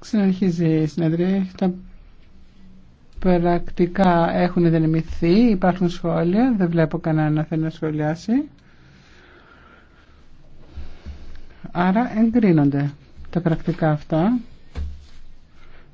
Ξεναρχίζει η συνεδρία. Τα πρακτικά έχουν δυναμηθεί, υπάρχουν σχόλια. Δεν βλέπω κανένα να θέλει να σχολιάσει. Άρα εγκρίνονται τα πρακτικά αυτά.